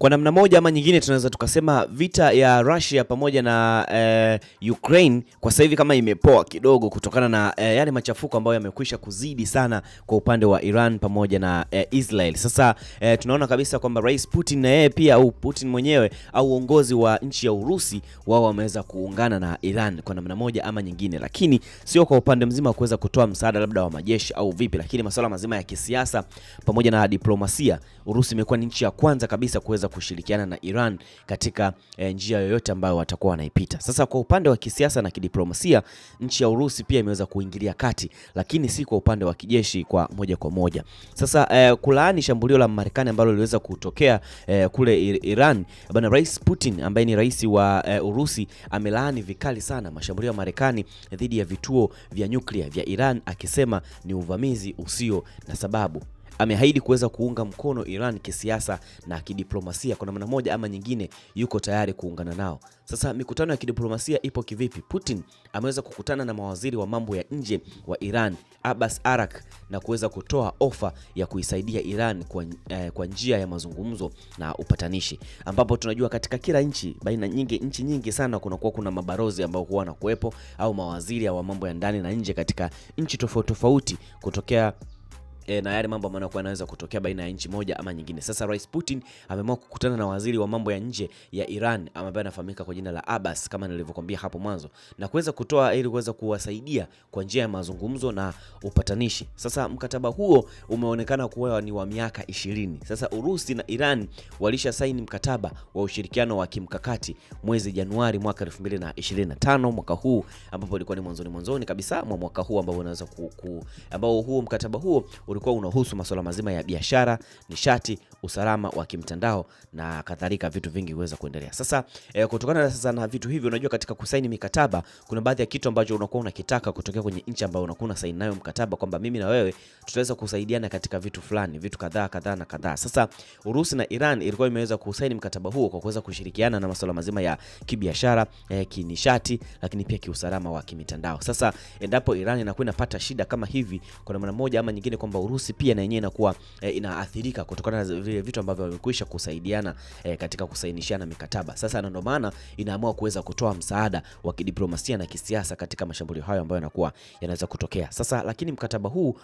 Kwa namna moja ama nyingine tunaweza tukasema vita ya Russia pamoja na eh, Ukraine kwa sasa hivi kama imepoa kidogo kutokana na eh, yale machafuko ambayo yamekwisha kuzidi sana kwa upande wa Iran pamoja na eh, Israel. Sasa eh, tunaona kabisa kwamba Rais Putin na yeye pia au Putin mwenyewe au uongozi wa nchi ya Urusi wao wameweza kuungana na Iran kwa namna moja ama nyingine, lakini sio kwa upande mzima wa kuweza kutoa msaada labda wa majeshi au vipi, lakini masuala mazima ya kisiasa pamoja na diplomasia, Urusi imekuwa ni nchi ya kwanza kabisa kuweza kushirikiana na Iran katika eh, njia yoyote ambayo watakuwa wanaipita. Sasa kwa upande wa kisiasa na kidiplomasia, nchi ya Urusi pia imeweza kuingilia kati, lakini si kwa upande wa kijeshi kwa moja kwa moja. Sasa eh, kulaani shambulio la Marekani ambalo liliweza kutokea eh, kule Iran, bwana Rais Putin ambaye ni rais wa eh, Urusi amelaani vikali sana mashambulio ya Marekani dhidi ya vituo vya nyuklia vya Iran akisema ni uvamizi usio na sababu ameahidi kuweza kuunga mkono Iran kisiasa na kidiplomasia, kwa namna moja ama nyingine yuko tayari kuungana nao. Sasa mikutano ya kidiplomasia ipo kivipi? Putin ameweza kukutana na mawaziri wa mambo ya nje wa Iran Abbas Arak na kuweza kutoa ofa ya kuisaidia Iran kwa, eh, kwa njia ya mazungumzo na upatanishi, ambapo tunajua katika kila nchi baina nyingi nchi nyingi sana kunakuwa kuna mabarozi ambao huwa wanakuwepo au mawaziri wa mambo ya ndani na nje katika nchi tofauti tofauti kutokea e, na yale mambo ambayo yanaweza kutokea baina ya nchi moja ama nyingine. Sasa Rais Putin ameamua kukutana na waziri wa mambo ya nje ya Iran ambaye anafahamika kwa jina la Abbas kama nilivyokuambia hapo mwanzo, na kuweza kutoa ili kuweza kuwasaidia kwa njia ya mazungumzo na upatanishi. Sasa mkataba huo umeonekana kuwa ni wa miaka ishirini. Sasa Urusi na Iran walisha saini mkataba wa ushirikiano wa kimkakati mwezi Januari mwaka 2025 mwaka huu, ambapo ilikuwa ni mwanzoni mwanzoni kabisa mwa mwaka huu ambao unaweza ku, ku, ambao huo mkataba huo ulikuwa unahusu masuala mazima ya biashara, nishati, usalama wa kimtandao na kadhalika, vitu vingi huweza kuendelea. Sasa e, kutokana na sasa na vitu hivi, unajua katika kusaini mikataba kuna baadhi ya kitu ambacho unakuwa unakitaka kutokea kwenye nchi ambayo unakuwa unasaini nayo mkataba kwamba mimi na wewe tutaweza kusaidiana katika vitu fulani, vitu kadhaa kadhaa na kadhaa. Sasa Urusi na Iran ilikuwa imeweza kusaini mkataba huo kwa kuweza kushirikiana na masuala mazima ya kibiashara, e, kinishati, lakini pia kiusalama wa kimitandao. Sasa endapo Iran inakuwa inapata shida kama hivi, kuna maana moja ama nyingine kwamba Urusi pia na yenyewe inakuwa e, inaathirika kutokana na vile vitu ambavyo wamekwisha kusaidiana e, katika kusainishana mikataba. Sasa ndio maana inaamua kuweza kutoa msaada wa kidiplomasia na kisiasa katika mashambulio hayo ambayo yanakuwa yanaweza kutokea. Sasa lakini mkataba huu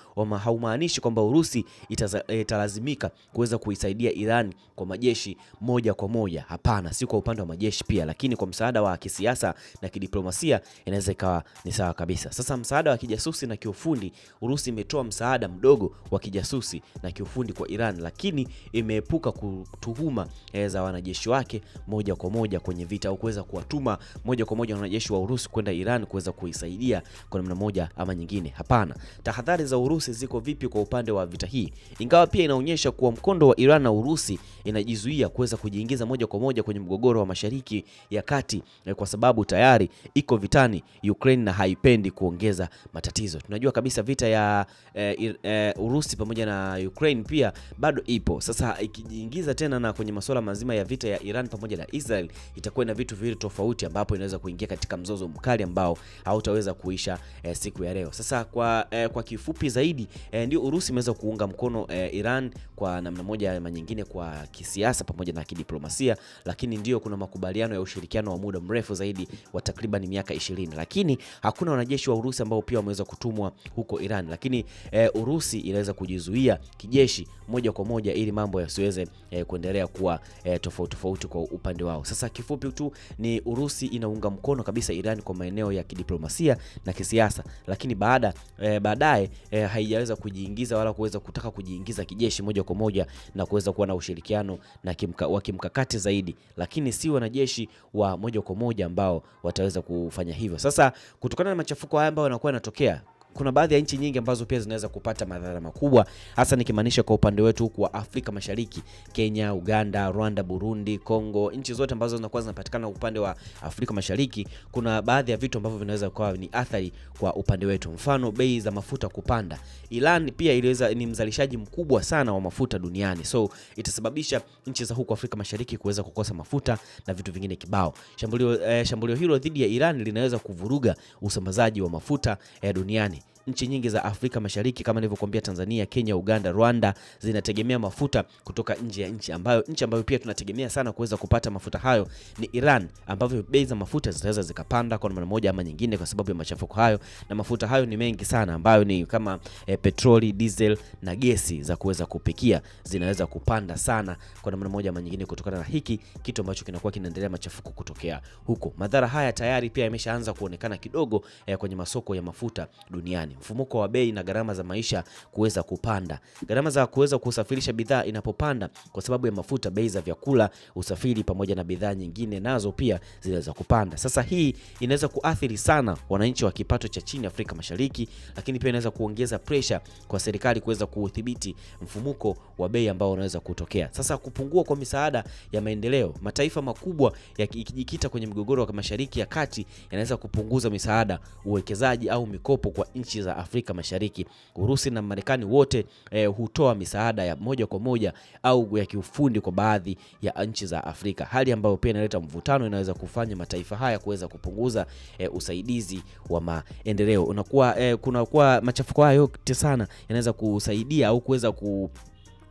haumaanishi kwamba Urusi itaza, eh, italazimika kuweza kuisaidia Iran kwa majeshi moja kwa moja. Hapana, si kwa upande wa majeshi pia, lakini kwa msaada wa kisiasa na kidiplomasia inaweza ikawa ni sawa kabisa. Sasa msaada wa kijasusi na kiufundi, Urusi imetoa msaada mdogo wa kijasusi na kiufundi kwa Iran, lakini imeepuka kutuhuma eh, za wanajeshi wake moja kwa moja kwenye vita au kuweza kuwatuma moja kwa moja wanajeshi wa Urusi kwenda Iran kuweza kuisaidia kwa namna moja ama nyingine. Hapana, tahadhari za Urusi ziko vipi kwa upande wa vita hii? Ingawa pia inaonyesha kuwa mkondo wa Iran na Urusi inajizuia kuweza kujiingiza moja kwa moja kwenye mgogoro wa Mashariki ya Kati eh, kwa sababu tayari iko vitani Ukraine na haipendi kuongeza matatizo. Tunajua kabisa vita ya eh, eh, Urusi pamoja na Ukraine pia bado ipo. Sasa ikijiingiza tena na kwenye masuala mazima ya vita ya Iran pamoja na Israel, itakuwa na vitu viwili tofauti, ambapo inaweza kuingia katika mzozo mkali ambao hautaweza kuisha eh, siku ya leo. Sasa kwa, eh, kwa kifupi zaidi eh, ndio Urusi imeweza kuunga mkono eh, Iran kwa namna moja ama nyingine kwa kisiasa pamoja na kidiplomasia, lakini ndio kuna makubaliano ya ushirikiano wa muda mrefu zaidi wa takriban miaka 20, lakini hakuna wanajeshi wa Urusi ambao pia wameweza kutumwa huko Iran, lakini eh, Urusi inaweza kujizuia kijeshi moja kwa moja ili mambo yasiweze eh, kuendelea kuwa eh, tofauti tofauti kwa upande wao. Sasa kifupi tu ni Urusi inaunga mkono kabisa Iran kwa maeneo ya kidiplomasia na kisiasa, lakini baada eh, baadaye eh, haijaweza kujiingiza wala kuweza kutaka kujiingiza kijeshi moja kwa moja na kuweza kuwa na ushirikiano na kimka, wa kimkakati zaidi, lakini si wanajeshi wa moja kwa moja ambao wataweza kufanya hivyo. Sasa kutokana na machafuko haya ambayo yanakuwa yanatokea kuna baadhi ya nchi nyingi ambazo pia zinaweza kupata madhara makubwa, hasa nikimaanisha kwa upande wetu huku wa Afrika Mashariki, Kenya, Uganda, Rwanda, Burundi, Kongo, nchi zote ambazo zinakuwa zinapatikana upande wa Afrika Mashariki, kuna baadhi ya vitu ambavyo vinaweza kuwa ni athari kwa upande wetu, mfano bei za mafuta kupanda. Iran pia iliweza ni mzalishaji mkubwa sana wa mafuta duniani, so itasababisha nchi za huku Afrika Mashariki kuweza kukosa mafuta na vitu vingine kibao. Shambulio, eh, shambulio hilo dhidi ya Iran linaweza kuvuruga usambazaji wa mafuta eh, duniani nchi nyingi za Afrika Mashariki kama nilivyokuambia, Tanzania, Kenya, Uganda, Rwanda zinategemea mafuta kutoka nje ya nchi, ambayo nchi ambayo pia tunategemea sana kuweza kupata mafuta hayo ni Iran, ambavyo bei za mafuta zitaweza zikapanda kwa namna moja ama nyingine kwa sababu ya machafuko hayo, na mafuta hayo ni mengi sana, ambayo ni kama e, petroli, diesel na gesi za kuweza kupikia zinaweza kupanda sana kwa namna moja ama nyingine kutokana na hiki kitu ambacho kinakuwa kinaendelea machafuko kutokea huko. Madhara haya tayari pia yameshaanza kuonekana kidogo e, kwenye masoko ya mafuta duniani mfumuko wa bei na gharama za maisha kuweza kupanda. Gharama za kuweza kusafirisha bidhaa inapopanda kwa sababu ya mafuta, bei za vyakula, usafiri pamoja na bidhaa nyingine nazo pia zinaweza kupanda. Sasa hii inaweza kuathiri sana wananchi wa kipato cha chini Afrika Mashariki, lakini pia inaweza kuongeza pressure kwa serikali kuweza kuudhibiti mfumuko wa bei ambao unaweza kutokea. Sasa kupungua kwa misaada ya maendeleo, mataifa makubwa yakijikita kwenye migogoro wa Mashariki ya Kati yanaweza kupunguza misaada, uwekezaji au mikopo kwa nchi za Afrika Mashariki. Urusi na Marekani wote eh, hutoa misaada ya moja kwa moja au ya kiufundi kwa baadhi ya nchi za Afrika, hali ambayo pia inaleta mvutano, inaweza kufanya mataifa haya kuweza kupunguza eh, usaidizi wa maendeleo. Unakuwa eh, kunakuwa machafuko hayo yote sana yanaweza kusaidia au kuweza ku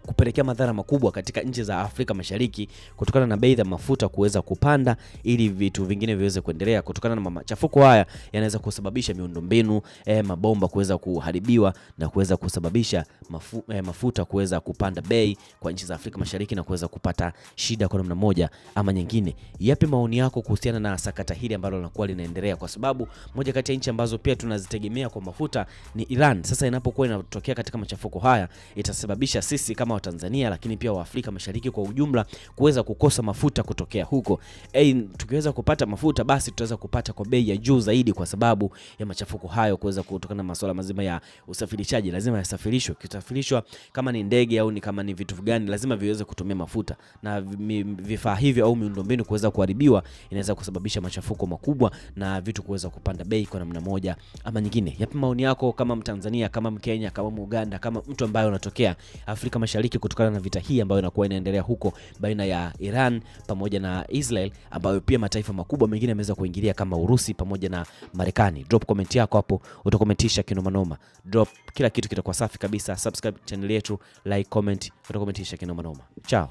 kupelekea madhara makubwa katika nchi za Afrika Mashariki kutokana na bei za mafuta kuweza kupanda ili vitu vingine viweze kuendelea. Kutokana na machafuko haya yanaweza kusababisha miundombinu eh, mabomba kuweza kuharibiwa na kuweza kusababisha mafu, eh, mafuta kuweza kupanda bei kwa nchi za Afrika Mashariki na kuweza kupata shida kwa namna moja ama nyingine. Yapi maoni yako kuhusiana na sakata hili ambalo linakuwa linaendelea, kwa sababu moja kati ya nchi ambazo pia tunazitegemea kwa mafuta ni Iran. Sasa inapokuwa inatokea katika machafuko haya itasababisha sisi kama wa Tanzania lakini pia wa Afrika Mashariki kwa ujumla kuweza kukosa mafuta kutokea huko. Hey, tukiweza kupata mafuta basi tutaweza kupata kwa bei ya juu zaidi, kwa sababu ya machafuko hayo kuweza kutokana na masuala mazima ya usafirishaji, lazima yasafirishwe. Kitafirishwa kama ni ndege au ni kama ni vitu gani, lazima viweze kutumia mafuta, na vifaa hivyo au miundombinu kuweza kuharibiwa inaweza kusababisha machafuko makubwa na vitu kuweza kupanda bei kwa namna moja ama nyingine. Yapi maoni yako kama Mtanzania, kama Mkenya, kama Muganda, kama mtu ambaye unatokea Afrika Mashariki? Mashariki kutokana na vita hii ambayo inakuwa inaendelea huko baina ya Iran pamoja na Israel, ambayo pia mataifa makubwa mengine yameweza kuingilia kama Urusi pamoja na Marekani. Drop comment yako hapo, utakomentisha kinomanoma. Drop kila kitu kitakuwa safi kabisa. Subscribe channel yetu, like, comment, utakomentisha kinomanoma. Chao.